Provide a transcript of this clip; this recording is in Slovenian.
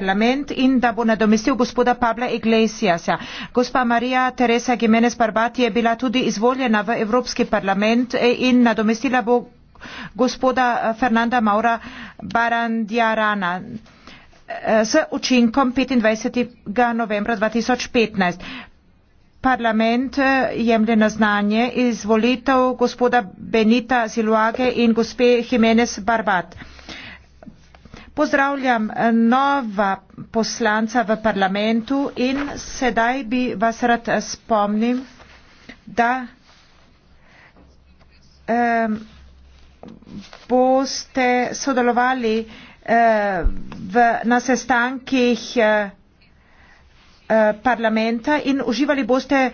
parlament in da bo nadomestil gospoda Pabla Iglesiasa. Gospa Marija Teresa Jimenez Barbati je bila tudi izvoljena v Evropski parlament eh, in nadomestila bo gospoda eh, Fernanda Maura Barandjarana eh, s učinkom 25. novembra 2015. Parlament jemlje na znanje izvolitev gospoda Benita Siluage in gospe Jimenez Barbati. Pozdravljam eh, nova poslanca v parlamentu in sedaj bi vas rad eh, spomnim, da um, boste sodelovali uh, v, na sestankih uh, parlamenta in uživali boste